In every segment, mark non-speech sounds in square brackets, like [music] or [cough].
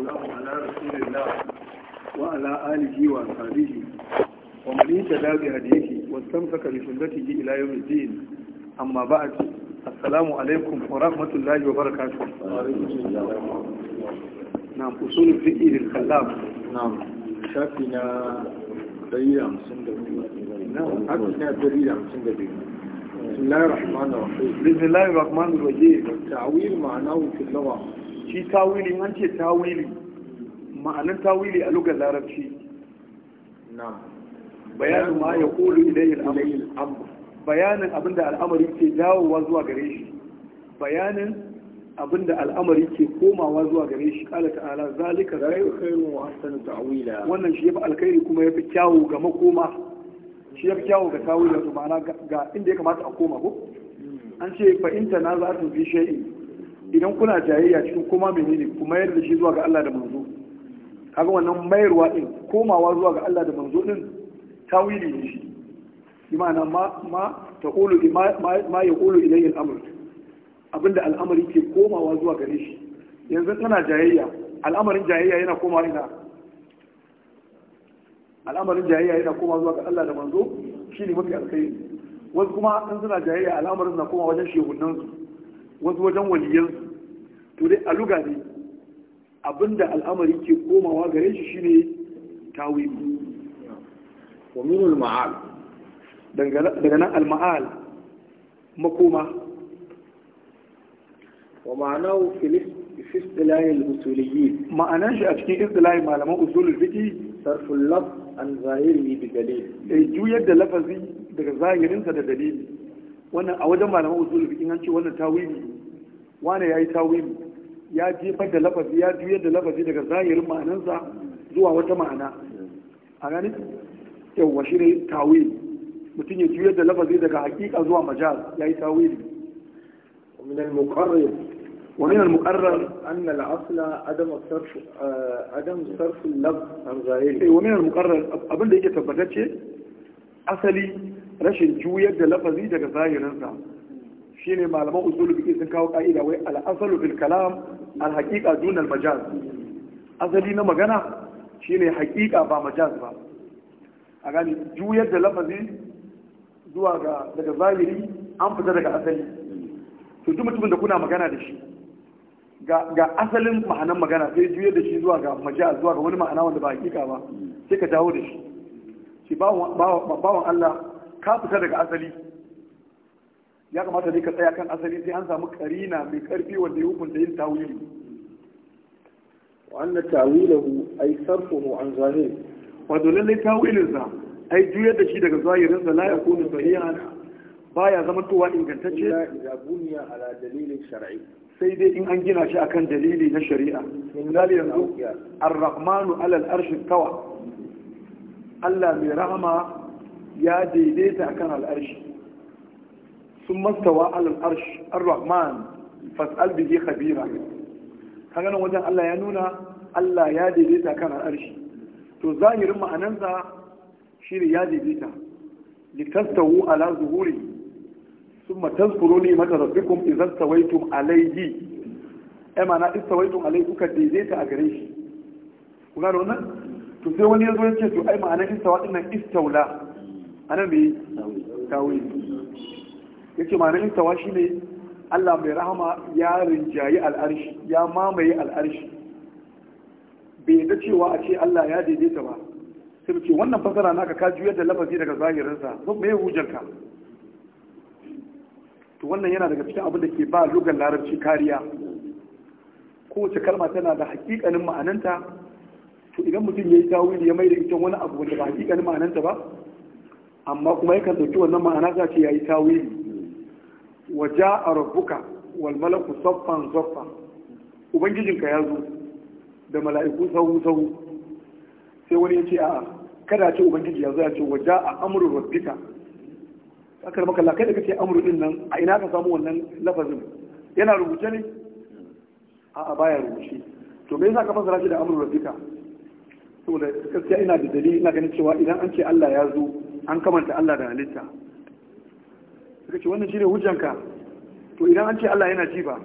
والسلام على رسول الله وعلى آله وأصحابه ومن اهتدى بهديه واستمسك بسنته إلى يوم الدين أما بعد السلام عليكم ورحمة الله وبركاته نعم أصول الفقه للخلاف نعم شافنا دقيقة 52 نعم حقنا دقيقة 52 بسم الله الرحمن الرحيم بسم الله الرحمن الرحيم التعويل معناه في اللغة shi tawili an ce tawili ma'anin tawili a lugar larabci bayanin ma ya kulu ilayhi al'amur bayanin abinda al'amari ke dawowa zuwa gare shi bayanin abinda al'amari ke komawa zuwa gare shi kala ta'ala zalika zai khairu wa ahsanu ta'wila wannan shi fi alkhairi kuma yafi kyawu ga makoma shi yafi kyawu ga tawila to ma'ana ga inda ya kamata a koma ko hmm. an ce na za ta fi shay'in idan kuna jayayya cikin koma menene ku mayar da shi zuwa ga Allah da manzo kaga wannan mayarwa din komawa zuwa ga Allah da manzo din tawili ne shi imana ma ma taqulu ma yaqulu ilayhi al-amr abinda al'amari ke komawa zuwa gare shi yanzu tana jayayya al'amarin jayayya yana komawa ina al'amarin jayayya yana zuwa ga Allah da manzo shine mafi alkhairi wasu kuma in suna jayayya al'amarin na komawa wajen shehunansu wasu wajen waliyansu to dai a luga ne abinda al'amari ke komawa gare shi shine tawili wa min al-ma'al daga nan al-ma'al makoma wa ma'anahu fi istilahi al-usuliyyin ma'anan shi a cikin istilahi malaman usulul fiqh sarful laf an zahiri bi dalil eh juyar da lafazi daga zahirinsa da dalili wannan a wajen malaman usulul fiqh an ce wannan tawili wane yayi tawili ya jefar da lafazi ya juyar da lafazi daga zahirin ma'anansa zuwa wata ma'ana a gani yawwa shi ne tawil mutum ya juyar da lafazi daga hakika zuwa majal ya yi tawili ومن المقرر ومن المقرر أن الأصل عدم صرف عدم صرف اللفظ عن ظاهره ومن المقرر abin da yake tabbatacce asali rashin juyar da lafazi daga zahirinsa shine malaman usulul fiqh sun kawo ka'ida wai al-asalu fil kalam al-haqiqa dun al-majaz asali na magana shine haqiqa ba majaz ba a gani juyar da lafazi zuwa ga daga zahiri an fita daga asali to duk mutumin da kuna magana da shi ga asalin ma'anan magana sai juyar da shi zuwa ga majaz zuwa ga wani ma'ana wanda ba haqiqa ba sai ka dawo da shi shi bawon Allah ka fita daga asali ya kamata ne ka tsaya kan asali sai an samu karina mai karfi wanda ya hukunta yin tawili wannan tawilahu ai sarfuhu an zahir wato lallai tawilinsa ai juyar da shi daga zahirinsa la yakunu sahihan baya zaman towa ingantacce ya buniya ala dalilin shar'i sai dai in an gina shi akan dalili na shari'a misali yanzu ar-rahmanu ala al-arshi tawa Allah mai rahama ya daidaita akan al-arshi sun mastawa alal arsh ar-rahman fas'al bihi khabira kaga nan wajen Allah ya nuna Allah ya daidaita kan arshi to zahirin ma'anansa shine ya daidaita litastawu ala zuhuri thumma tazkuru ni mata rabbikum idza stawaytum alayhi ai ma'ana istawaytum alayhi kuka daidaita a gare shi ku gano wannan to sai wani ya zo ya ce to ai ma'anar istawa din nan istaula anan me tawi yace ma'ana intawa ne. Allah mai rahama ya rinjayi al'arshi ya mamaye al'arshi bai yadda cewa a ce Allah ya daidaita ba sai ce wannan fasara naka ka juyar da lafazi daga zahirinsa mai hujjar ka to wannan yana daga cikin abin da ke ba lugar larabci kariya kowace kalma tana da hakikanin ma'ananta to idan mutum ya yi tawili ya mai da ita wani abu wanda ba hakikanin ma'ananta ba amma kuma yakan ɗauki wannan ma'ana za ce ya yi tawili waja a rabuka wal malaku soffan saffa ubangijinka ya zo da mala'iku sahu sahu sai wani ya ce a'a kada ce ubangiji ya zo ya ce wa a amru rabbika akar maka la kai da kake amuru din nan a ina ka samu wannan lafazin yana rubuce ne a'a baya rubuce to me yasa ka fasara shi da amuru rabuka saboda gaskiya ina da dalili ina ganin cewa idan an ce Allah ya zo an kamanta Allah da halitta suka ce wannan shine hujjanka to idan an ce Allah yana ji ba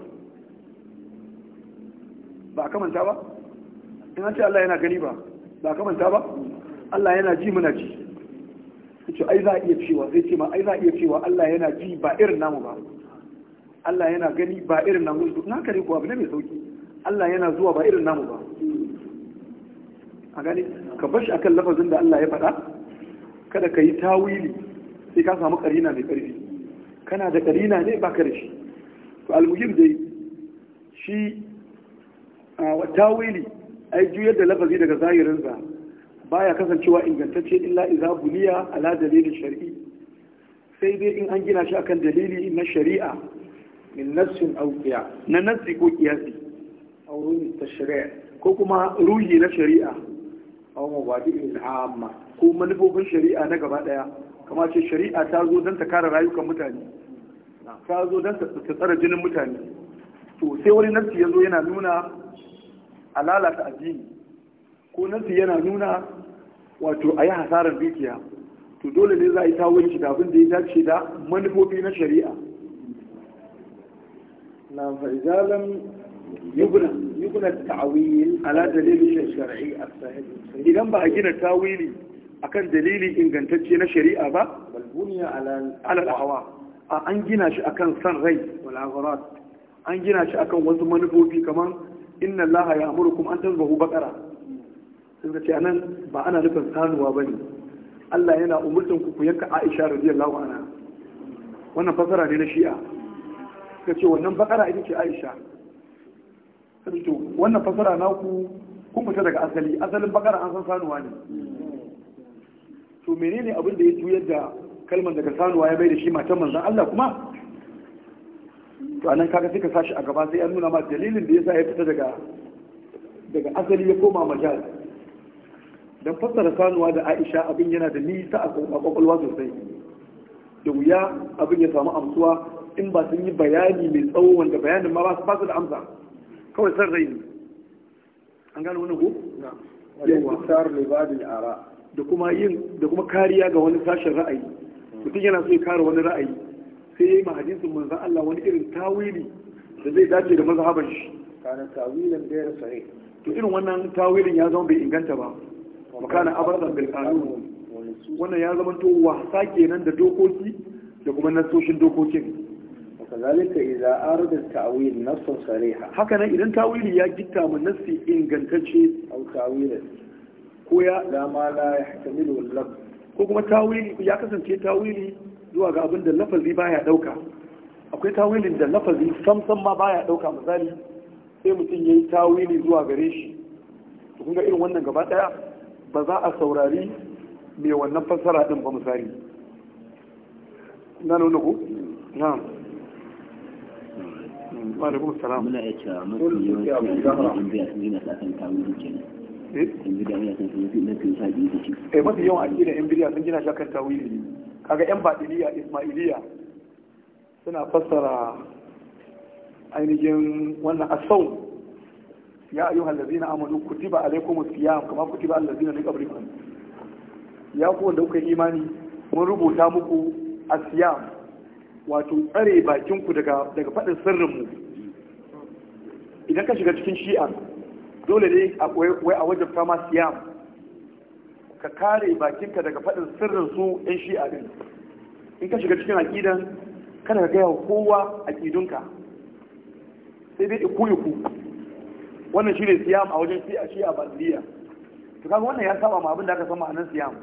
ba ka manta ba idan an ce Allah yana gani ba ba ka manta ba Allah yana ji muna ji ce ai za a iya cewa zai ce ma ai za a iya cewa Allah yana ji ba irin namu ba Allah yana gani ba irin namu na kare kuwa abu ne mai sauki Allah yana zuwa ba irin namu ba a gani ka bar shi akan lafazin da Allah ya faɗa kada ka yi tawili sai ka samu karina mai ƙarfi kana da karina ne baka kare shi to almuhim dai shi a tawili ai juyar da lafazi daga zahirinsa baya kasancewa ingantacce illa idza buliya ala dalilin shar'i sai dai in an gina shi akan dalili na shari'a min nafsin aw na nafsi ko qiyasi aw ruhi tashri' ko kuma ruhi na shari'a aw mabadi'il amma ko manufofin shari'a na gaba daya kama ce shari'a ta zo don ta kare rayukan mutane ta zo don ta tsara jinin mutane to sai wani nafsi ya zo yana nuna a lalata addini ko nafsi yana nuna wato a yi hasarar dukiya to dole ne za a yi tawon da abin da ya dace da manufofi na shari'a na fa'izalam yuguna yuguna ta'awil ala dalilin shari'i a idan ba a gina tawili akan dalili ingantacce na shari'a ba balbuniya an gina shi akan san rai wal an gina shi akan wasu manufofi kamar inna allaha ya'murukum an tazbahu baqara sun ce a nan ba ana nufin sanuwa ba ne. Allah yana umurtan ku ku yanka Aisha radiyallahu anha wannan fasara ne na Shi'a suka ce wannan baqara ita ce Aisha sai to wannan fasara ku? kun fita daga asali asalin baqara an san sanuwa ne to menene abin da ya juyar da kalmar daga sanuwa ya bai da shi matan manzan Allah kuma to anan kaga sai ka sashi a gaba sai an nuna ma dalilin da yasa ya fita daga daga asali ya koma majal dan fassara sanuwa da Aisha abin yana da nisa a kwakwalwa sosai da wuya abin ya samu amsuwa in ba sun yi bayani mai tsawo wanda bayanin ma ba su da amsa kawai san rai ne an gano wani ko na yawa tsar libadil ara da kuma yin da kuma kariya ga wani sashen ra'ayi mutum yana so ya kare wani ra'ayi sai ya yi mahadisin manzan Allah wani irin tawili da zai dace da mazhaban shi kana tawilan da ya sai to irin wannan tawilin ya zama bai inganta ba wa kana abadan bil qanun wannan ya zama to wasa kenan da dokoki da kuma nasoshin dokokin kazalika idza arada ta'wil nassan sariha haka nan idan tawili ya gitta mu nassi ingantacce au tawilan ko ya lama la ya hatamilu wallaf ko kuma tawili ya kasance tawili zuwa ga abin da lafazi baya dauka akwai tawilin da lafazi samsam ma baya dauka misali sai mutum yayi tawili zuwa gare shi to kun ga irin wannan gaba daya ba za a saurari mai wannan fassara din ba misali na nuna ku na'am wa alaikum salam muna yawanci in a eh mafi yawan aƙida yan bidiya sun gina shakan tawili kaga yan batiniya ismailiya suna fassara ainihin wannan asau ya ayu hallazina amanu kutiba alaikum siyam kama kutiba qablikum ya ku wanda kuka imani mun rubuta muku asiyam wato tsare bakinku daga daga faɗin sirrinmu idan ka shiga cikin shi'a dole ne wai a wajabta ma siyam ka kare bakinka daga faɗin sirrin su yan a din in ka shiga cikin aƙidan kada ka gaya kowa kowa aƙidunka sai dai iku iku wannan shi ne siyam a wajen shi a bandiliya to kaga wannan ya saba ma abin da aka san ma'anar siyam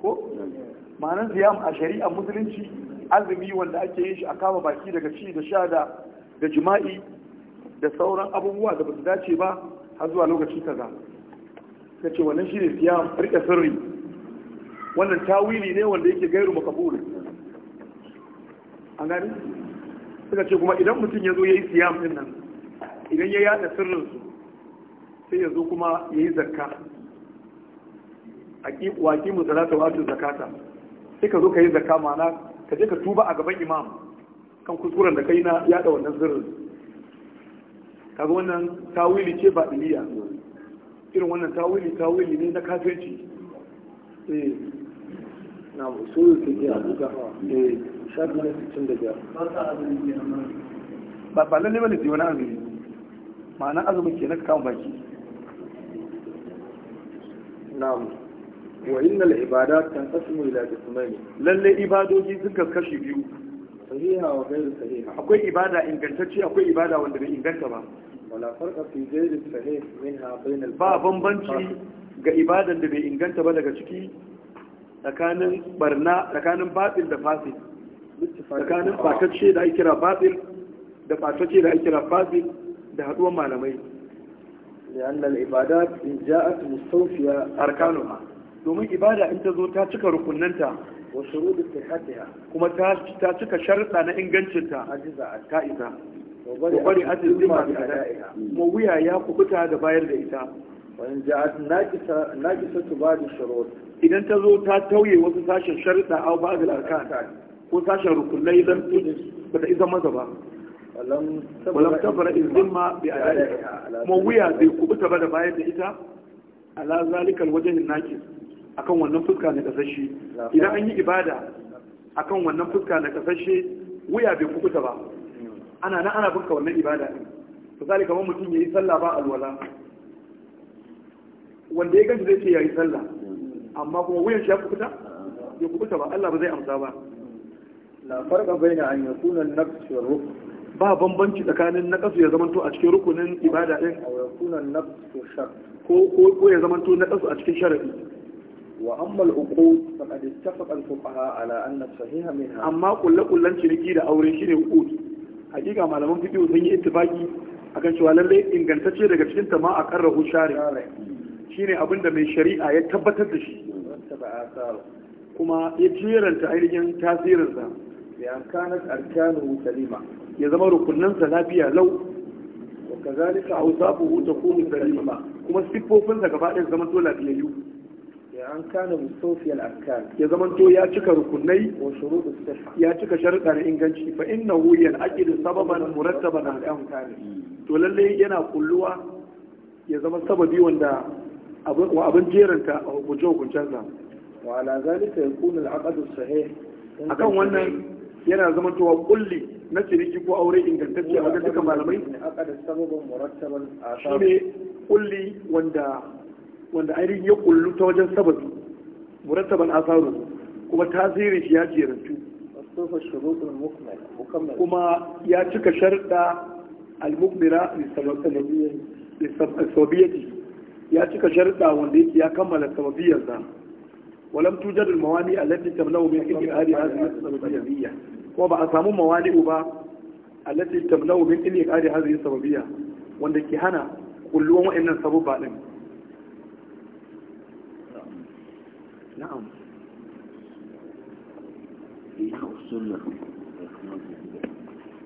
ko ma'anar siyam a shari'ar musulunci azumi wanda ake yin shi a kama baki daga ci da sha da jima'i da sauran abubuwa da ba su dace ba har zuwa lokaci kaza ta ce wannan shi ne siya rike sirri wannan tawili ne wanda yake gairu makabul an gani suka ce kuma idan mutum ya zo ya yi siya nan idan ya yada sirrinsu sai ya zo kuma ya yi zakka waƙi mu ta wato zakata sai ka zo ka yi zakka ma'ana ka je ka tuba a gaban imam kan kuskuren da kai na yada wannan sirrin kaga wannan tawili ce ba iliya irin wannan tawili tawili ne na kafirci eh na usul fiqh a duka eh shafi na 65 ba ba lalle bane ji wani azumi ma'ana azumin kenan kan baki na'am wa innal ibadat tanqasimu ila qismayn lalle ibadoji suka kashi biyu sahiha wa ghayr sahiha akwai ibada ingantacce akwai ibada wanda bai inganta ba wala farqa fi sahih ba bambanci ga ibadan da bai inganta ba daga ciki tsakanin barna tsakanin batil da fasil tsakanin fatacce da ake kira batil da fatacce da ake kira da haduwar malamai لأن العبادات إن جاءت مستوفية أركانها domin ibada in ta zo ta cika rukunnanta wa shurudin sihhatiha kuma ta cika sharuɗa na ingancinta ta isa wa bari atin zimma bi ada'iha wuya ya kubuta da bayar da ita wani ja'at naqisa naqisa tubadi shurut idan ta zo ta tauye wasu sashen sharuɗa aw ba'd al-arkan ko sashen rukunai dan ba da isa masa ba walam tabara izimma bi ada'iha kuma wuya bai kubuta ba da bayar da ita ala zalikal wajhin naqis akan wannan fuska na kasashe idan an yi ibada akan wannan fuska na kasashe wuya bai kubuta ba ana na ana bunka wannan ibada din zalika mun mutum ya yi sallah ba alwala wanda ya ganta zai ce ya yi sallah amma kuma wuyan shi ya kubuta ya kubuta ba Allah ba zai amsa ba la farqa baina an yakuna an-nafs wa ruh ba bambanci tsakanin kasu ya zamanto a cikin rukunin ibada din aw yakuna an-nafs wa shar ko ko ko ya zamanto kasu a cikin sharadi wa amma al-uqud faqad ittafaqa al-fuqaha ala anna sahiha minha amma kullu kullan ciniki da aure shine uqud hakika malaman fiqh sun yi ittifaki akan cewa lallai ingantacce daga cikin ta ma a share. Shi shine abin da mai shari'a ya tabbatar da shi kuma ya jeranta ainihin tasirinsa ya kanat arkanu salima ya zama rukunansa lafiya lau wa kazalika awsafuhu takunu salima kuma siffofinsa gaba ɗaya zama to lafiyayyu an kana mustawfiyal arkan ya zaman to ya cika rukunai wa shurut ya cika sharuɗa na inganci fa innahu yanqidu sababan murattaban al amkani to lalle yana kulluwa ya zama sababi wanda abin abin jeranta a hukunce hukuncensa wa ala zalika yakunu al aqd sahih akan wannan yana zama to kulli na ciniki ko aure ingantacce a wajen duka malamai shine kulli wanda wanda ainihin ya kullu ta wajen sababi murattaban asaru kuma tasirin shi ya jerantu kuma ya cika sharda al-mukmira lissabiyyati ya cika sharda wanda yake ya kammala sababiyyar sa walam tujar al-mawani allati tamna'u min iqrari hadhihi kuma ba a samu mawani ba allati tamna'u min iqrari hadhihi sababiyya wanda ke hana kulluwan wa'annan sababa din نعم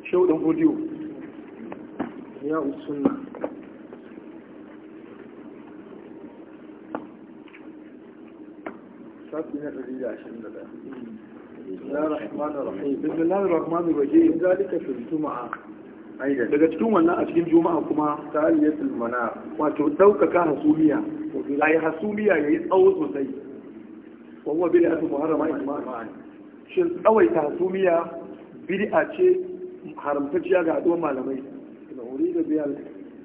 شو ده فيديو يا السنة سبنا الرجل عشان بسم الله الرحمن الرحيم بسم الله الرحمن الرحيم ذلك في الجمعة daga cikin wannan a cikin juma'a kuma taliyatul mana wato daukaka hasuliya ai hasuliya yayi tsawo sosai wa huwa bid'atu muharrama ijma'an shin tsawaita hasumiya bid'a ce haramtacciya ga haduwar malamai da wuri da biyar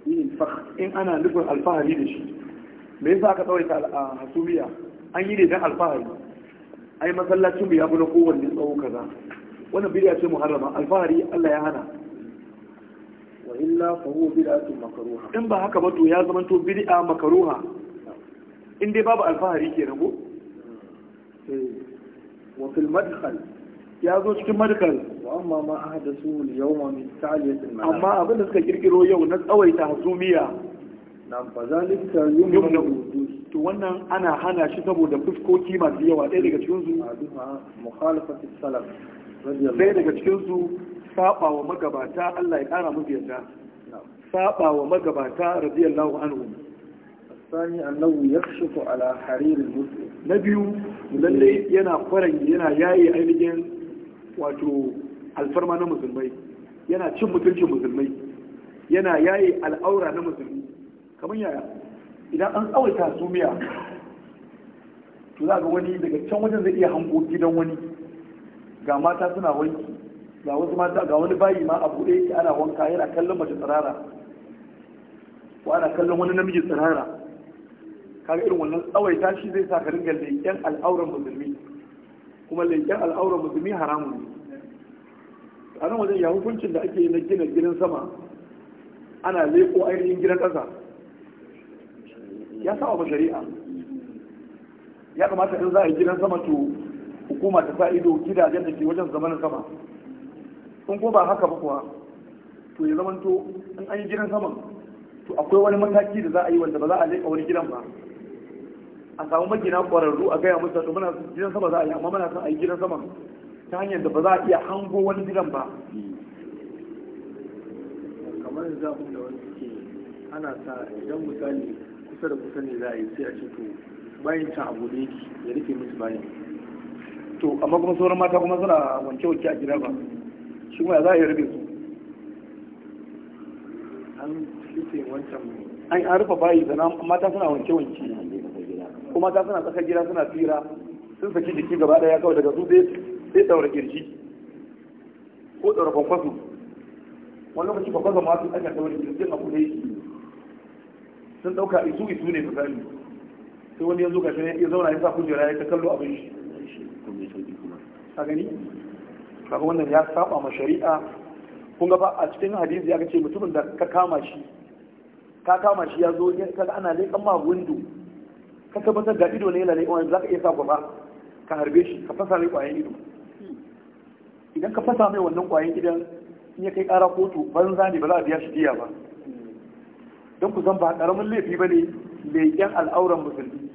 yin in ana nufin alfahari da shi me yasa aka tsawaita hasumiya an yi ne don alfahari ai masallacin mu ya fi na kowanne tsawo kaza wannan bid'a ce muharrama alfahari Allah ya hana wa illa fa huwa bid'atu makruha in ba haka ba to ya zama to bid'a makruha in dai babu alfahari kenan ko وفي المدخل يا ya zo cikin واما ما amma ma abin da suka kirkiro yau na tsawaita hasumiya nan wannan ana hana shi saboda fuskoki masu yawa ɗaya daga cikin su salaf ɗaya daga cikin su saba wa magabata Allah ya kara musu yarda saba magabata radiyallahu anhu الثاني أنه يكشف على حرير المسلم نبيو to lalle yana faran yana yaye ainihin wato alfarma na musulmai yana cin mutuncin musulmai yana yaye al'aura na musulmi kamar yaya idan an tsawaita miya to za ga wani daga can wajen zai iya hango gidan wani ga mata suna wanki ga wasu mata ga wani bayi ma a buɗe ana wanka yana kallon mace tsirara ko ana kallon wani namiji tsirara kaga irin wannan tsawaita shi zai sa ka ringa leƙen al'auran musulmi kuma leƙen al'auran musulmi haramun ne a nan wajen ya hukuncin da ake na gina gidan sama ana leƙo ainihin gidan ƙasa ya sa wa shari'a ya kamata in za a yi gidan sama to hukuma ta sa ido gidajen da ke wajen zamanin sama in ko ba haka ba kuwa to ya zamanto in an yi gidan saman to akwai wani mataki da za a yi wanda ba za a leƙa wani gidan ba a samu magina ƙwararru a gaya musu muna gidan sama za a yi amma muna son a yi gidan sama ta hanyar da ba za a iya hango wani gidan ba kamar abin da wani suke ana sa idan misali kusa da kusa ne za a yi sai a ce to bayan can abu da yake ya rufe musu bayan to amma kuma sauran mata kuma suna wanke wanke a gida ba shi kuma za a yi rufe su an rufe wancan an rufe bayi sannan mata suna wanke wanke kuma ta suna tsakar gida suna tsira sun saki jiki gaba daya kawai daga su sai daura kirji ko daura kwakwasu wani lokaci kwakwasu ma sun aka daura kirji a kuɗe sun ɗauka isu isu ne misali sai wani ya zo gashi ya zauna ya sa kujera ya ta kallo abin shi a gani kaga wannan ya saba ma shari'a kun ga ba a cikin hadisi ya ce mutumin da ka kama shi ka kama shi ya zo kaga ana leƙan ma gundu ka tabbatar ga ido ne yana ne za ka iya sa gaba ka harbe shi ka fasa mai kwayan ido idan ka fasa mai wannan kwayan idan in ya kai kara kotu banza ne ba za a biya shi diya ba don ku zan ba karamin laifi ba ne leƙen al'auran musulmi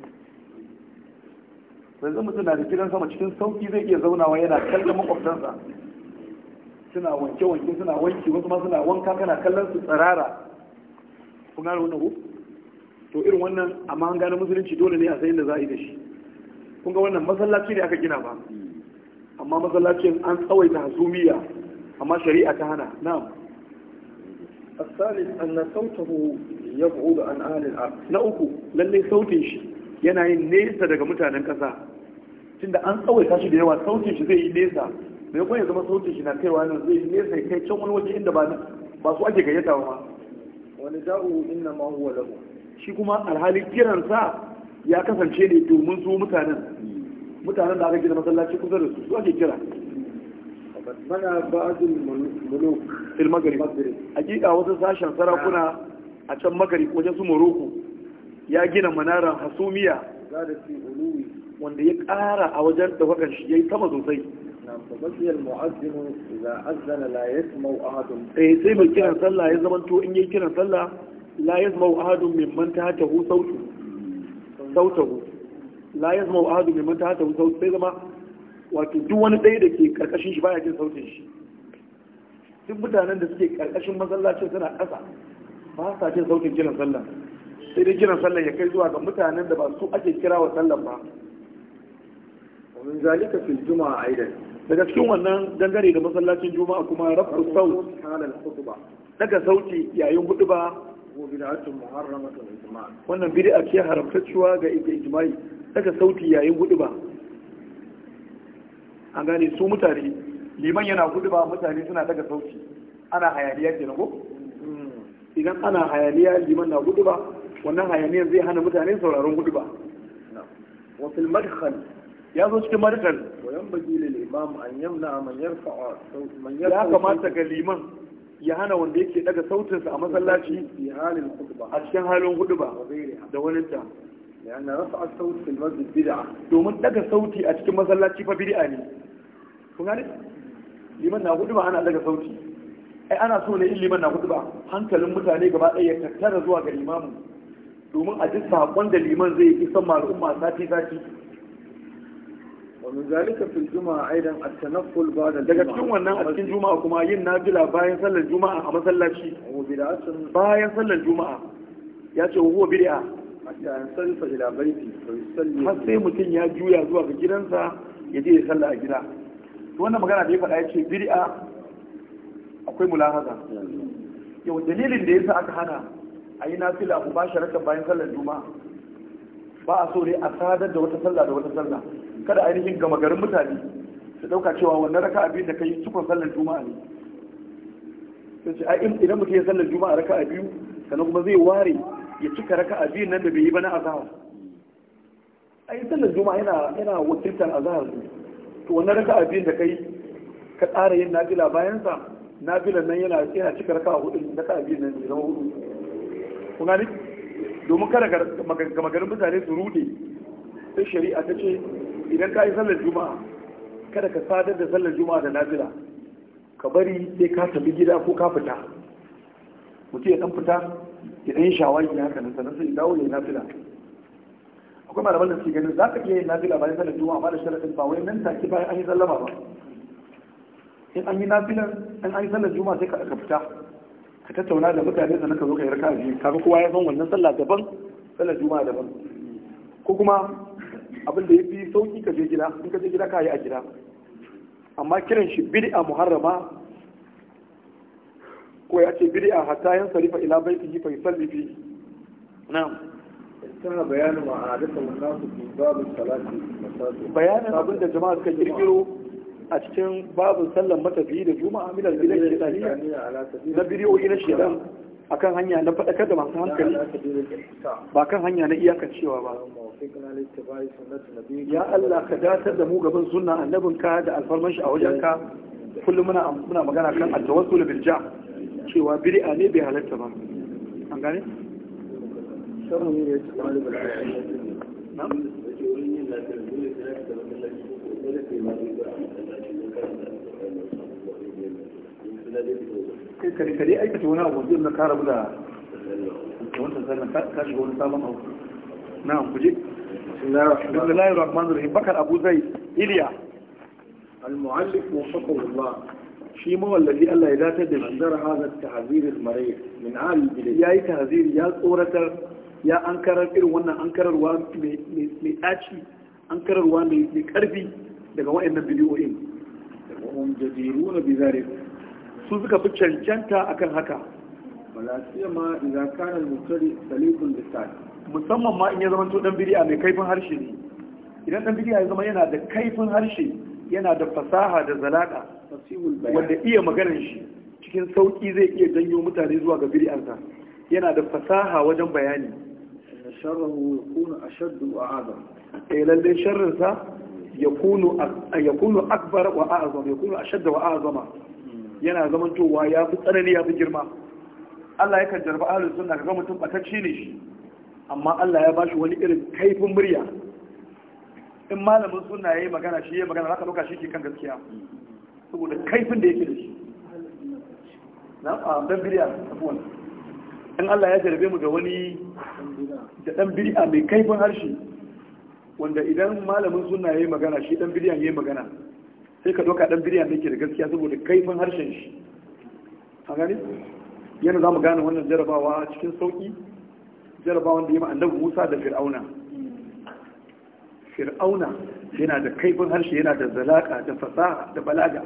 yanzu mutum na da gidan sama cikin sauki zai iya zaunawa yana kallon makwabtansa suna wanke-wanke suna wanki wasu ma suna wanka kana kallon su tsirara kun gane wani to irin wannan amma an gane musulunci dole ne a sayin da za a yi da shi kun ga wannan masallaci ne aka gina ba amma masallacin an tsawaita hasumiya amma shari'a ta hana na? A an na الثالث أن ya buhu da أهل a. Na uku, للي sautin shi yana yin nesa daga mutanen ƙasa tunda an tsawaita shi da yawa sautin shi zai yi nesa mai kuma ya zama sautin shi na kaiwa nan zai yi nesa ya kai can wani waje inda ba su ake gayyata ba wani da'u ina ma huwa lahu shi kuma alhali kiransa ya kasance ne domin su mutanen mutanen da aka gina masallaci kusa da su su ake kira mana ba'adul muluk fil magari. hakika wasu sashen sarakuna a can magari wajen su morocco ya gina manaran hasumiya wanda ya kara a wajen da wakan shi ya yi sama sosai فبقي المؤذن إذا أذن لا يسمع أحد. in yi kiran sallah. la yasma'u ahadun mimman tahatahu sautu sautahu la yasma'u ahadun mimman tahatahu sautu sai zama wato duk wani ɗaya da ke ƙarƙashin shi baya jin sautin shi duk mutanen da suke ƙarƙashin masallacin suna ƙasa ba sa jin sautin kiran sallah sai dai kiran sallah ya kai zuwa ga mutanen da ba su ake kira wa sallah ba ومن ذلك في الجمعة أيضا daga cikin wannan dangane da masallacin juma'a kuma rafu saut daga sauti yayin hudu ba wannan bid'a ce haramtacciwa ga ijma'i daga sauti yayin guduba. an gane su mutane liman yana guduba mutane suna daga sauti ana hayaniya ke ko idan ana hayaniya liman na guduba, wannan hayaniyan zai hana mutane sauraron guduba. wa fil madkhal ya zo cikin madkhal wa bagi lil imam an yamna man yarfa'a man yarfa'a ya kamata ga liman ya hana wanda yake daga sautinsa a masallaci a cikin halin huduba da wani ta لأن رفع الصوت في المسجد domin daga sauti a cikin masallaci fa bid'a ne kun gane liman na hudu ba ana daga sauti ai ana so ne in liman na hudu ba hankalin mutane gaba ɗaya ya tattara zuwa ga limamu domin a ji sakon da liman zai yi ma al'umma sati sati ومن ذلك في الجمعة أيضا التنفل بعد الجمعة daga cikin wannan a juma'a kuma yin nafila bayan sallar juma'a a masallaci bayan sallar juma'a ya ce huwa bid'a hatta yansarifa mutum ya juya zuwa ga gidansa ya je ya salla a gida to wannan magana da ya faɗa ya ce bid'a akwai mulahaza yau dalilin da yasa aka hana a yi nafila mubasharatan bayan sallar juma'a ba a so ne a sadar da wata sallah da wata sallah kada ainihin gama garin mutane su dauka cewa wannan raka abin da kai sukan sallar juma'a ne sai ce ai idan mutum ya sallar juma'a raka biyu sannan kuma zai ware ya cika raka biyu nan da bai yi ba na A ai sallar juma'a yana yana wakiltar azahar ne to wannan raka biyu da kai ka tsara yin nafila bayan sa nafilan nan yana yana cika a hudu raka abin nan zama hudu kun gani domin kada ga magarin mutane su rude sai shari'a ta ce idan ka yi sallar juma'a kada ka sadar da sallar juma'a da nafila ka bari sai ka tafi gida ko ka fita mutum ya dan fita ya dan shawagi haka nan sannan sai dawo ya yi nafila akwai malaman da suke ganin za ka iya yin nafila bayan sallar juma'a amma da sharaɗin ba wai nan take bayan an yi sallama ba in an yi nafila in an yi sallar juma'a sai ka fita ka tattauna da mutane sannan ka zo ka yi raka'a biyu kaga kowa ya san wannan sallah daban sallar juma'a daban ko kuma abin da ya fi sauki ka je gida in ka je gida ka yi a gida amma kiran shi a muharrama ko ya ce a hata yan sarifa ila baitihi fi na'am tana bayanin nasu fi babu salati bayanin abin da jama'a suka kirkiro a cikin babu sallan matafiyi da juma'a milar milal bid'a na biriyoyi na shedan akan hanya na faɗakar da masu hankali ba kan hanya na iyakancewa ba ya Allah ka datar da mu gaban sunna annabinka da alfarman shi a wajenka kullum muna muna magana kan at-tawassul bil ja' cewa bid'a ne bai halarta ba an gane Thank you. kai kare aikata wani abu zai na kara da wancan sannan ka shiga wani sabon abu na kuje بسم الله الرحمن الرحيم بكر أبو زيد إليا المعلق وفقه الله shi ma wallazi Allah ya datar da shi zar hada tahzir al-marid min al bilad yayi tahzir ya tsoratar ya ankarar irin wannan ankararwa mai mai daci ankararwa mai karfi daga wayannan bidiyoyin wa hum jadiruna bi zalika su suka fi cancanta akan haka musamman ma in ya zama dan bidi'a mai kaifin harshe ne idan dan bidi'a ya zama yana da kaifin harshe yana da fasaha da zalaka wanda iya maganar shi cikin sauki zai iya janyo mutane zuwa ga bidi'arsa yana da fasaha wajen bayani sharrahu yakunu ashaddu wa a'zam eh lalle sharrinsa yakunu yakunu akbar wa a'zam yakunu ashaddu wa a'zama yana zamantowa ya fi tsanani ya fi girma Allah ya kan jarba ahalin suna ga mutum batacci ne shi amma Allah ya bashi wani irin kaifin murya in malamin suna ya yi magana shi ya magana raka lokaci shi ke kan gaskiya saboda kaifin da yake da shi na a dan fi wani in Allah ya jarbe mu da wani da dan biriya mai kaifin harshe wanda idan malamin suna ya yi magana shi dan ya yi magana sai ka doka dan biriya ke da gaskiya saboda kaifin harshen shi a gani yana za mu gane wannan jarabawa cikin sauki jarabawan da yi ma'andar musa da fir'auna fir'auna yana da kaifin harshe yana da zalaka da fasaha da balaga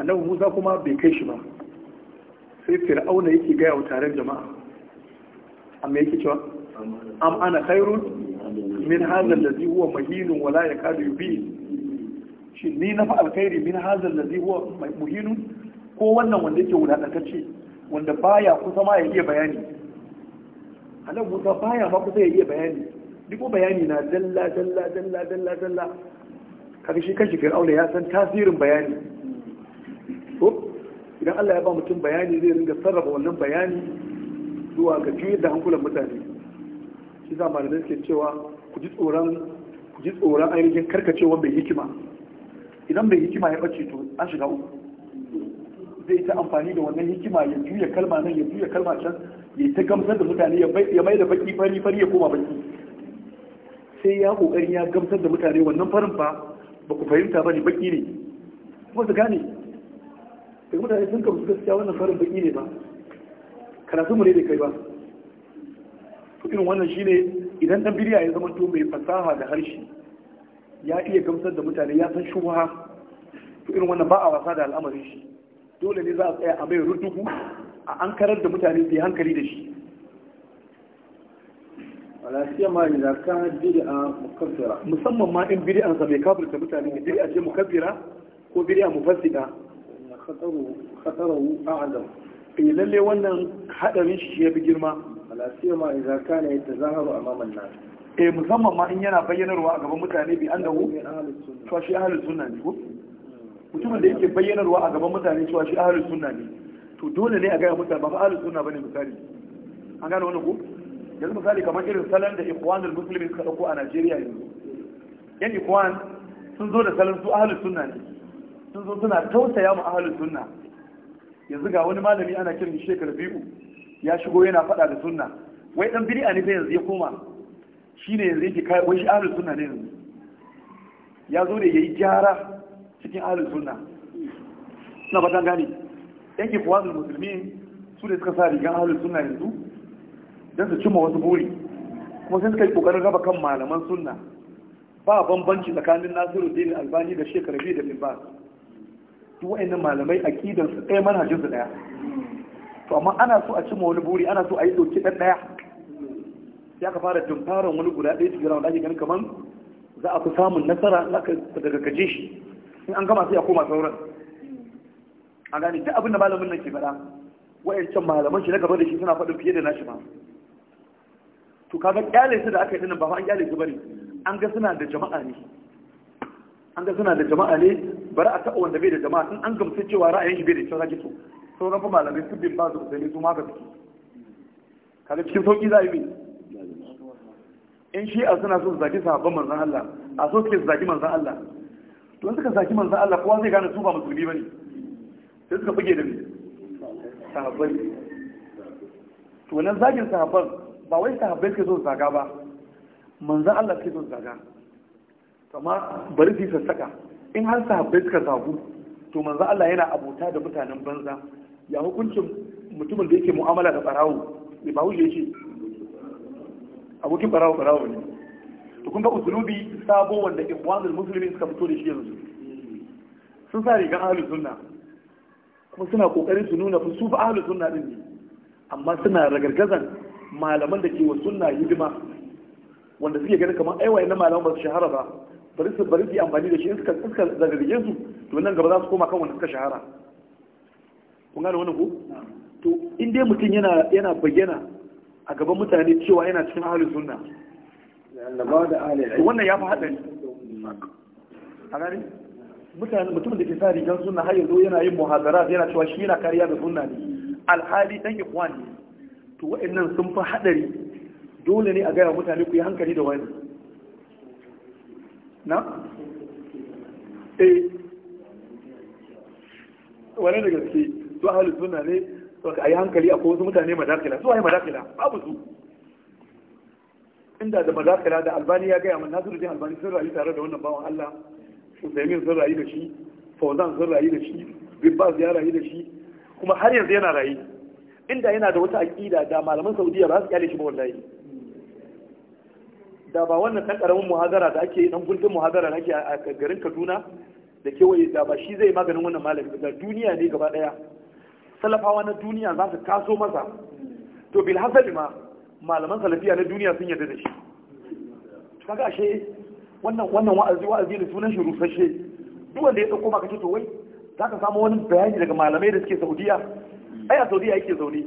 annabi musa kuma bai kai shi ba sai fir'auna yake gaya wa taron jama'a amma yake cewa am ana khairun min hadha da huwa mahinun wala yakadu yubin shi ni na fa alkhairi min hazal ladhi huwa muhinun ko wannan wanda yake wulatantacce wanda baya kusa ma ya iya bayani anan musa baya ma kusa ya iya bayani duk bayani na dalla dalla dalla dalla dalla kaga shi kanshi fir'auna ya san tasirin bayani to idan Allah ya ba mutum bayani zai ringa sarrafa wannan bayani zuwa ga juyar da hankulan mutane shi za malamai suke cewa ku ji tsoron ku ji tsoron ainihin karkacewa mai hikima idan mai hikima ya bace to an shiga uku zai ta amfani da wannan hikima ya juya kalma nan ya juya kalma can ya ta gamsar da mutane ya mai da baki fari fari ya koma baki sai ya kokarin ya gamsar da mutane wannan farin fa ba ku fahimta ba ne baki ne kuma su gane daga mutane sun gamsu gaskiya wannan farin baki ne ba karatu mu ne da kai ba irin wannan shine idan dan bidiya ya zama to mai fasaha da harshe ya iya gamsar da mutane ya san shubha to irin wannan ba a wasa da al'amarin shi dole ne za a tsaya a mai rudugu a an karar da mutane su yi hankali da shi ma idan ka a mukabbira musamman ma in biri sa mai kafirta mutane ne a ce mukabbira ko biri a mufassida khatarau a adam eh lalle wannan hadarin shi ya fi girma ma alasiyama idan kana yatazaharu amaman nasu eh musamman ma in yana bayyanarwa a gaban mutane bi an hu cewa shi ahalin sunna ne ko mutumin da yake bayyanarwa a gaban mutane cewa shi ahalin sunna ne to dole ne a gaya mutane ba fa ahalin sunna bane misali an gane wani ko yanzu misali kamar irin salon da ikwanul muslimin suka dauko a Najeriya yanzu yan ikwan sun zo da salon su ahalin sunna ne sun zo suna tausaya mu ahalin sunna yanzu ga wani malami ana kiran shi shekar biyu ya shigo yana faɗa da sunna wai dan bid'a ne sai yanzu ya koma shi ne yanzu yake kai wani shi ahlus sunna ne yanzu ya zo ne yayi gyara cikin ahlus sunna na fatan gane yake fuwadul musulmi su ne suka sa rigan ahlus suna yanzu don su cimma wasu buri kuma sai suka yi kokarin raba kan malaman sunna ba bambanci tsakanin nasiru dini albani da Shekaru biyu da Limba ba duk wa'annan malamai su ɗaya manhajinsu ɗaya to amma ana so a cimma wani buri ana so a yi ɗauki ɗan ɗaya sai aka fara jumfaron wani guda ɗaya cikin rawar ake ganin kamar za a fi samun nasara daga gaje shi in an gama sai a koma sauran a gani duk abin da malamin nan ke faɗa wayancan malaman shi na gaba da shi suna faɗin fiye da nashi ma to kaga kyale su da aka yi nan, ba fa an kyale su bane an ga suna da jama'a ne an ga suna da jama'a ne bari a taɓa wanda bai da jama'a in an gamsu cewa ra'ayin shi bai da cewa rage so sauran fa malamai su bin ba su da su ma ka suke kaga cikin sauki za a yi in shi'a suna su zaki sahabban manzan Allah a so suke zaki manzan Allah to suka zaki manzan Allah kowa zai gane su ba musulmi bane sai suka fage da ni sahabbai to wannan zagin sahabban ba wai sahabbai suke so su zaga ba manzan Allah suke so su zaga amma bari su yi sassaka in har sahabbai suka zagu to manzan Allah yana abota da mutanen banza ya hukuncin mutumin da yake mu'amala da barawo ne ba hujje shi abokin barawo barawo ne to kun ga usulubi sabo wanda ikhwanul muslimin suka fito da shi yanzu sun sa rigar ahlus sunna kuma suna kokarin su nuna su fa ahlus sunna din ne amma suna ragargazan malaman da ke wa sunna hidima wanda suke ganin kamar aiwaye na malaman ba su shahara ba bari su bari su amfani da shi suka suka zagarge su to nan gaba za su koma kan wanda suka shahara kun gane wannan ko to in dai mutum yana yana bayyana a gaban mutane cewa yana cikin ahalin sunna wannan ya fi haɗari a gani mutane mutum da ke sa rigar sunna har yanzu yana yin muhazara yana cewa shi yana kariya da sunna ne alhali dan ikwan ne to wa'annan sun fi haɗari dole ne a gaya mutane ku yi hankali da wani na eh wani da gaske to ahalin sunna ne to ka yi hankali akwai wasu mutane madakila su ai madakila babu su inda da madakila da albani ya gaya min nasiruddin albani sun rayu tare da wannan bawan Allah Usaimin sun rayu da shi Fauzan sun rayu da shi Bibbas ya rayu da shi kuma har yanzu yana rayu inda yana da wata aƙida da malaman Saudiya ba su kyale shi ba wallahi da ba wannan ɗan ƙaramin muhadara da ake ɗan guntun muhadara da ake a garin Kaduna da kewaye da ba shi zai maganin wannan malami da duniya ne gaba ɗaya salafawa na duniya za su taso masa to bil hasali ma malaman salafiya na duniya sun yarda da shi kaga ashe wannan wa'azi wa'azi ne sunan shi rufashe duk wanda ya dauko maka to wai zaka samu wani bayani daga malamai da suke Saudiya ai a Saudiya yake zaune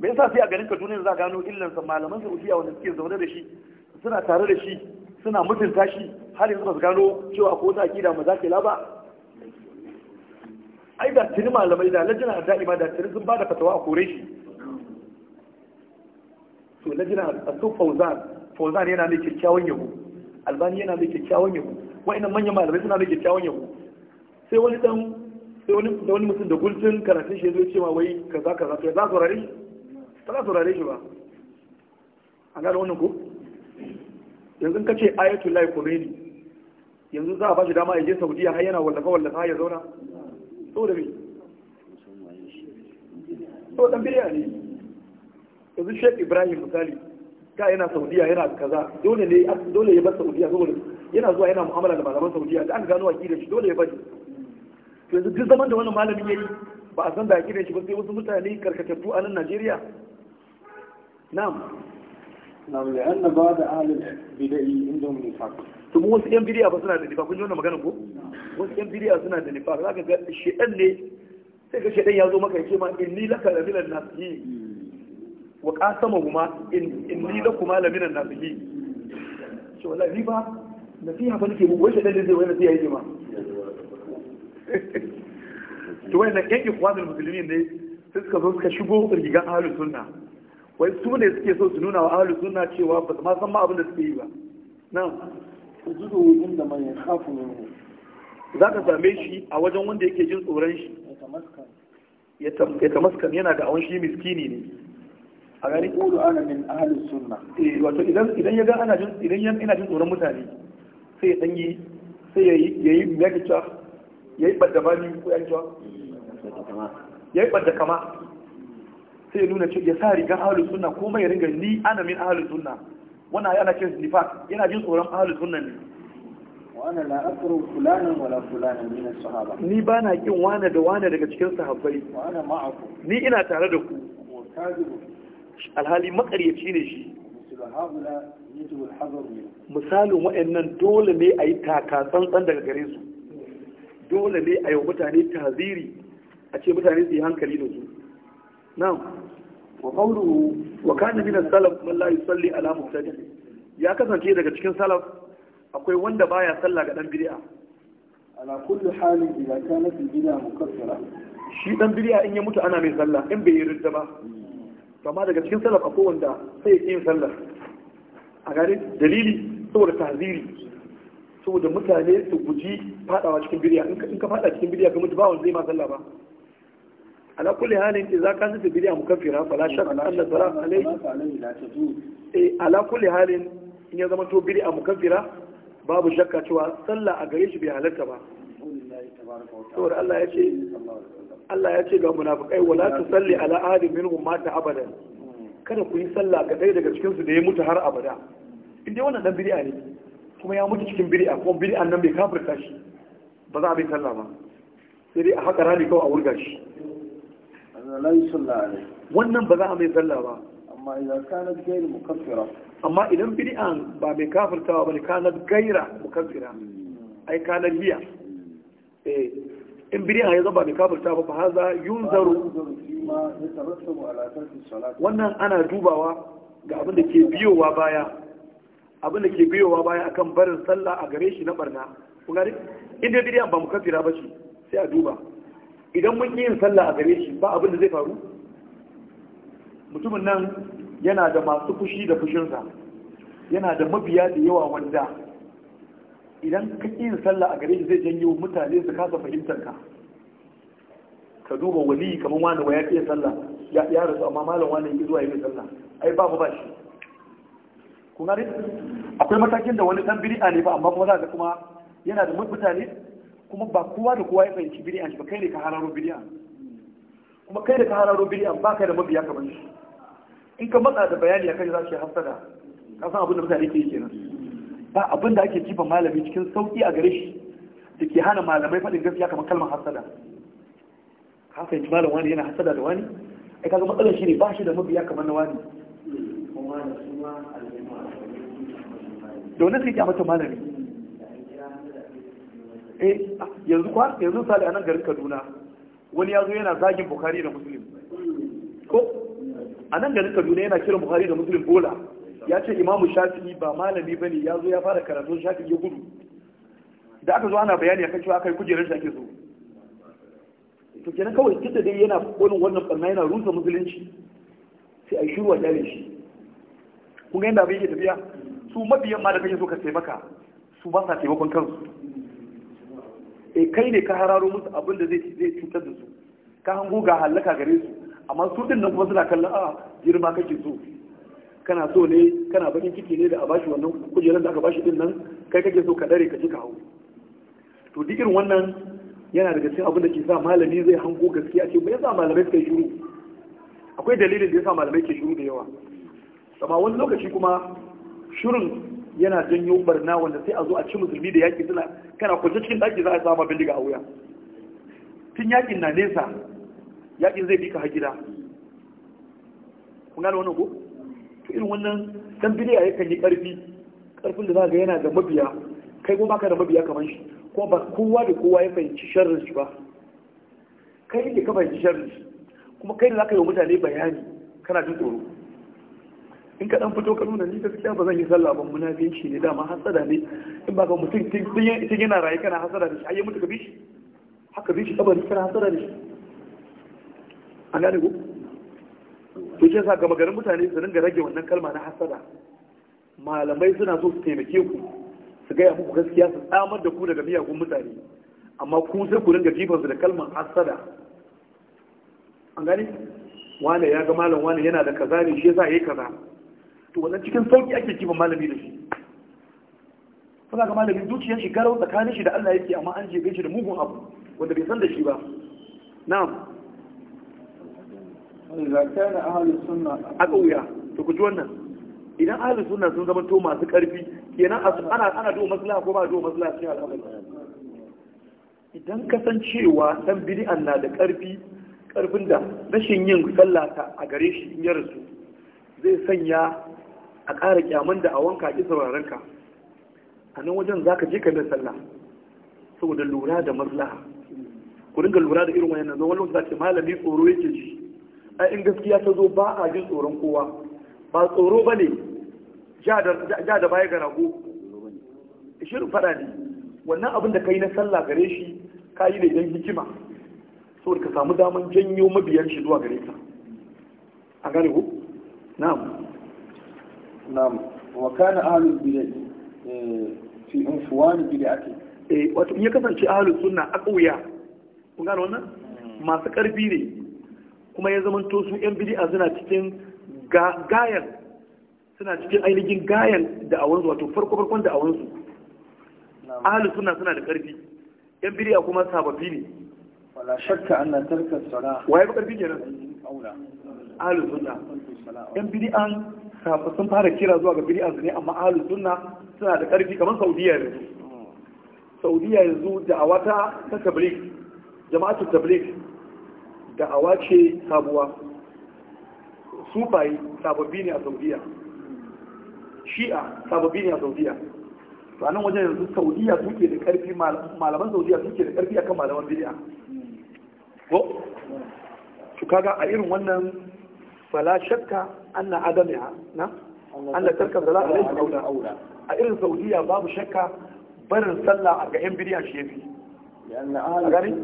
me yasa sai a garin Kaduna za gano illan sa malaman Saudiya wanda suke zaune da shi suna tare da shi suna mutunta shi har yanzu ba su gano cewa ko ta akida mu zake la ba ai da tuni malamai da lajina a da'ima da tuni sun ba da fatawa a kore shi to lajina a su fauzan fauzan yana mai kyakkyawan yabo albani yana mai kyakkyawan yabo wa'annan manyan malamai suna mai kyakkyawan yabo sai wani dan sai wani da wani mutum da gultun karatun shi zai cewa wai kaza kaza to za su rare shi ba za su rare shi ba an gane wannan ko yanzu ka ce ayatul lahi komeni yanzu za a ba shi dama ya je saudiya har yana wallafa wallafa ya zauna saboda dan ne yanzu Ibrahim misali ka yana Saudiya yana kaza dole ne dole ya bar Saudiya saboda yana zuwa yana mu'amala da malaman Saudiya da an gano akidar shi dole ya bari to yanzu duk zaman da wannan malamin yayi ba a san da akidar shi ba sai wasu mutane karkatattu a nan Najeriya na'am na'am la'anna ba'da ahlul bid'ah indahum nifaq to mu wasu yan bid'a ba suna da ba kun ji wannan magana ko wasu yan bidiya suna da za ka ga shedan ne sai ka shedan ya zo maka ya ce ma inni laka laminan nasihi wa kuma in inni lakuma laminan yi shi wala ni ba fi hafa nake wai shedan ne zai wai nasiha yake ma [laughs] to wannan yan ikhwanul muslimin ne sai suka zo suka shigo rigan ahlus sunna wai su ne suke so su nuna wa ahlus sunna cewa ba su ma san ma abin da suke yi ba na'am wujin da manyan yakhafu minhu za ka same shi a wajen wanda yake jin tsoron shi ya tamaskan yana da awon shi miskini ne a gani ƙudu ana min ahalin suna eh, wato idan ya ga ana jin idan yana jin tsoron mutane sai ya ɗanyi sai ya yi ya ya yi ɓadda bani ko ya ya yi ɓadda kama sai ya nuna ya sa rigar ahalin suna ko mai ringa ni ana min ahalin suna wannan yana cin nifak yana jin tsoron ahalin suna ne ni ba na kin wane da wane daga cikin sahabbai ni ina tare da ku alhali makaryaci ne shi misalin wa'annan dole ne a yi taka tsantsan daga gare su dole ne a yi mutane taziri a ce mutane su yi hankali da su na'am wa qawluhu wa kana min salaf man la yusalli ala ya kasance daga cikin salaf akwai wanda baya sallah ga dan bid'a ala kulli halin idan kana fi bid'a mukaffara shi dan bid'a in ya mutu ana mai sallah in bai yi ba amma daga cikin salaf akwai wanda sai yin sallah a gare dalili saboda tahziri saboda mutane su guji fadawa cikin bid'a in ka fada cikin bid'a ka mutu ba wanda zai ma sallah ba halin على كل حال إذا كانت البدعة مكفرة فلا شك أن ala kulli halin in ya zama to bid'a مكفرة babu shakka cewa sallah a gare shi bai halarta ba saboda Allah ya ce Allah ya ce ga munafiqai wala tusalli ala ahadin minhum mata abadan kada ku yi sallah ga dai daga cikin su da ya mutu har abada in wannan dan bid'a ne kuma ya mutu cikin bid'a kuma bid'an nan bai kafirta shi ba za a bi sallah ba sai dai a haka rani kawai a wurga shi wannan ba za a mai sallah ba amma idan kanat gairi mukaffira amma idan bid'an ba mai kafirtawa bane kanat gaira mukaffira hmm. ai kanat hiya eh in bid'a ya ba mai kafirtawa ba haza yunzaru wannan ana dubawa ga abin da ke biyowa baya abin da ke biyowa baya akan barin sallah a gare shi na barna kun gani inda bidiyan ba mukaffira ba shi sai a duba idan mun yi yin sallah a gare shi ba abin da zai faru mutumin nan yana da masu fushi da fushinsa yana da mabiya da yawa wanda idan ka yin sallah a gare shi zai janyo mutane su kasa fahimtar ka ka duba wali kamar wani wa ya fiye sallah ya ya rasu amma malam wani ƙi zuwa yi sallah ai ba ku ba shi kun gane akwai matakin da wani san bid'a ne ba amma kuma za ka kuma yana da mutane kuma ba kowa da kowa ya fahimci bid'a shi ba kai ne ka hararo bid'a kuma kai da ka hararo bid'a ba ka da mabiya kamar shi in ka matsa da bayani akan za shi hasada ka san abin da mutane ke kenan ba abin da ake jifa malami cikin sauki a gare shi da ke hana malamai faɗin gaskiya kamar kalmar hasada ka fahimci malam wani yana hasada da wani ai kaga matsalar shi ne ba shi da mabiya kamar na wani da wani sai ya mata malami eh yanzu kwa yanzu sali a nan garin Kaduna wani ya zo yana zagin bukari da Musulmi ko a nan garin kaduna yana kiran buhari da muslim bola ya ce imamu shafi'i ba malami ba ne ya zo ya fara karatun shafi'i ya gudu da aka zo ana bayani akan cewa aka yi kujerar shafi so to kenan kawai kita dai yana wani wannan barna yana rusa musulunci sai a yi shiru a jare shi kun ga yadda abin yake tafiya su mabiyan ma da kake so ka taimaka su ba sa taimakon kansu e kai ne ka hararo musu abin da zai cutar da su ka hango ga halaka gare su amma su din nan kuma suna kallon a ah, girma kake so kana so ne kana bakin ciki ne da a bashi wannan kujerar da aka bashi din nan kai kake so ka dare ka ci ka hau to duk irin wannan yana daga cikin abin da ke sa malami zai hango gaskiya ce me yasa malamai suka yi shiru akwai dalilin da yasa malamai ke shiru da yawa amma wani lokaci kuma shirin yana janyo barna wanda sai a zo a ci musulmi da yaƙi suna kana kwance cikin ɗaki za a abin bindiga a wuya tun yaƙin na nesa yaƙin zai bi ka har gida kuna da wani ko to irin wannan dan bidiya kan yi karfi karfin da za ga yana da mabiya kai kuma baka da mabiya kamar shi kuma ba kowa da kowa ya fahimci sharrin shi ba kai ne ka fahimci sharrin shi kuma kai za zaka yi wa mutane bayani kana jin tsoro in ka dan fito ka nuna ni gaskiya ba zan yi sallah ba munafiyanci ne dama hasada ne in baka mutum tun yana raye kana hasada da shi ai mutu ka bi shi haka bi shi kabari kana hasada da shi an gane ko ku shi yasa gama garin mutane su dinga rage wannan kalma na hasada malamai suna so su taimake ku su gaya muku gaskiya su tsamar da ku daga miyagun mutane amma ku sai ku dinga jifan su da kalman hasada an gani wane ya ga malam wane yana da kaza ne shi yasa yayi kaza to wannan cikin sauki ake kiban malami da shi kuma ga malami zuciyar shi garau tsakanin shi da Allah yake amma an jefe shi da mugun abu wanda bai san da shi ba na'am a ƙauya to ku ji wannan idan ahalin sunna sun zama to masu ƙarfi kenan ana ana duba maslaha ko ba duba maslaha cikin al'amari idan kasancewa san bid'an na da karfi ƙarfin da rashin yin sallata a gare shi in ya rasu zai sanya a ƙara kyaman da a wanka ki sauraron ka a nan wajen za ka je ka da sallah saboda lura da maslaha ku dinga lura da irin wayannan zan wani lokaci malami tsoro yake ji a in gaskiya ta zo ba a jin tsoron kowa ba tsoro ba ne ja da baya ga rago shirin fada ne wannan abin da ka yi na sallah gare shi ka yi da yan hikima saboda ka samu daman janyo mabiyan shi zuwa gare ka a gane ku na'am na'am wa kana ahalun bid'ah eh, fi unfuwan ake eh wato in ya kasance suna a aqwiya kun gane wannan hmm. masu ƙarfi ne kuma ya zama su yan bidi'a suna cikin gayan suna cikin ainihin gayan da awansu wato farko farkon da awansu ahlus sunna suna da karfi yan bidi'a kuma sababbi ne wala shakka anna tarka salah waye karfi kenan aula ahlus sunna yan sabu sun fara kira zuwa ga bidi'a su ne amma ahlus sunna suna da karfi kamar saudiya ne hmm. saudiya yanzu da'awa ta ta tabligh jama'atu tabligh da'awa ce sabuwa Sufa'i sababbi ne a saudiya shi'a sababbi ne a saudiya to nan wajen yanzu saudiya suke da karfi malaman saudiya suke da karfi akan malaman bid'a ko to kaga a irin wannan fala shakka anna adamiha na anna tarka da la'a alaihi aula a irin saudiya babu shakka barin sallah a ga yan bid'a shi yafi gani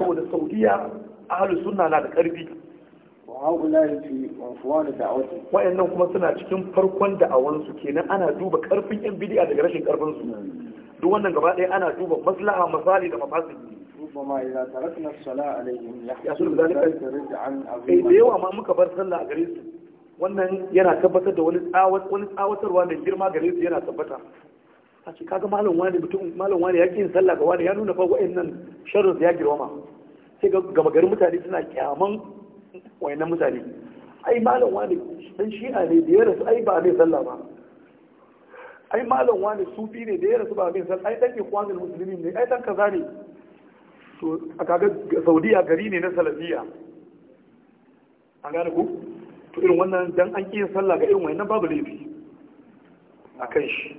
saboda saudiya ahalus suna na da ƙarfi. wa'annan kuma suna cikin farkon da'awansu kenan ana duba karfin yan bidiya daga rashin karfin su duk wannan gaba ɗaya ana duba maslaha misali da mafasin ne. Ya تركنا الصلاة عليهم يحصل ذلك رجعا عظيما إيه يوم wannan yana tabbatar da wani tsawatarwa mai girma gare su yana tabbata a ce kaga malam wani mutum malam wani ya yin sallah ga wani ya nuna fa wa'annan sharrin ya girma sai ga gaba garin mutane suna kyaman wayannan mutane ai malam wani dan shi'a ne da ya rasu ai ba mai sallah ba ai malam wani sufi ne da ya rasu ba mai sallah ai dan ikwanul muslimin ne ai dan kaza ne to a kaga saudiya gari ne na salafiya an gane ku to irin wannan dan an ƙi yin sallah ga irin wayannan babu laifi a kan shi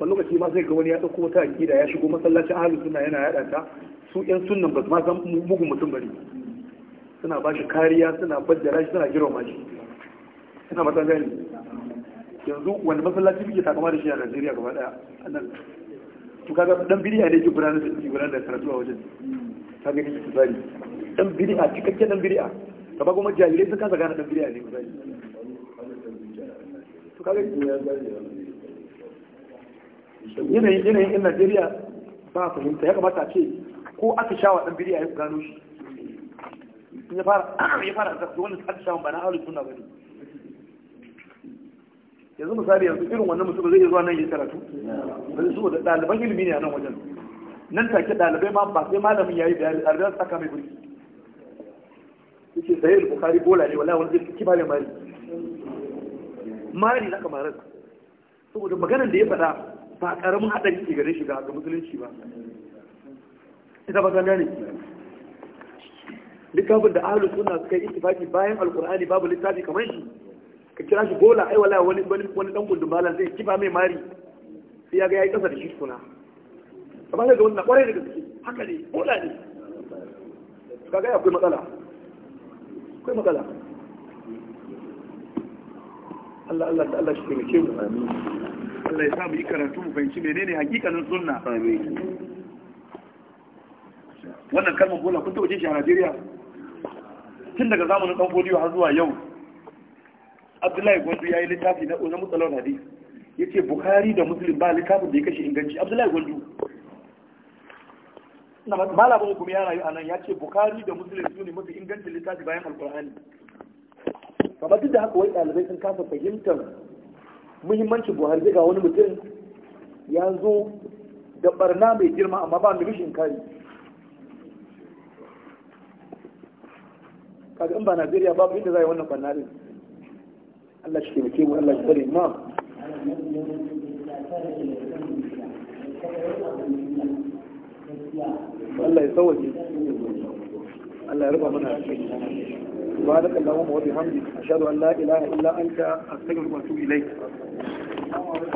wani lokaci ma sai ga wani ya ɗauko wata aƙida ya shigo masallacin ahalin suna yana yaɗa ta su ƴan sunnan ba ma san mugun mutum bari. suna ba shi kariya suna baddara rashi suna girma shi suna matan gani yanzu wani masallaci muke takama da shi a Najeriya gaba daya nan to kaga dan bidiya ne ke gudanar da ke gudanar da karatu a wajen ka ga ki tsari dan bidiya cikakken dan bidiya ka ba kuma jahilai sun kasa gane dan bidiya ne misali to kaga yanayin yanayin yan najeriya ba fahimta ya kamata ce ko aka sha wa ɗan biriya ya gano shi ya fara ya fara da wani aka sha ba na aure suna bane yanzu misali yanzu irin wannan mutum zai zuwa nan ya karatu ba zai so da ɗaliban ilimi ne a nan wajen nan take ɗalibai ma ba sai malamin yayi bayani ɗalibai su saka mai burki yake sayi al-bukhari bola ne wallahi wani zai kiba ne mari mari na kamarar saboda maganar da ya faɗa ba karamin haɗari ke gare shi ga musulunci ba ita ba zan gane duk kafin da ahalus suna suka yi intifaki bayan alkur'ani babu littafi kamar shi ka kira shi bola ai wala wani wani wani dan gundun balan zai kifa mai mari sai ya ga yayi kasa da shi kuna kamar da wannan kwarai da gaske haka ne bola ne kaga akwai matsala akwai matsala Allah Allah Allah shi ke mu amin Allah ya sa mu yi karatu mu fahimci menene hakikanin sunna wannan kalmar bola kun taɓa jin shi a Najeriya tun daga zamanin dan fodiyo har zuwa yau Abdullahi Gwandu ya yi littafi na Uzamu Talawar Hadis ya ce Bukhari da Muslim ba littafin da ya kashe inganci Abdullahi Gwandu malamin hukumi ya rayu a nan ya ce Bukhari da Muslim su ne mafi ingancin littafi bayan Alƙur'ani. kamar duk da haka wai ɗalibai sun kasa fahimtar muhimmanci buhari ga wani mutum ya zo da barna mai girma amma ba mai rishin kari kaga in ba najeriya babu inda za a yi wannan barna din allah shi ke mu allah shi tsare ma Allah ya tsawaje Allah ya rufa mana a cikin بارك اللهم وبحمدك أشهد أن لا إله إلا أنت أستغفرك وأتوب إليك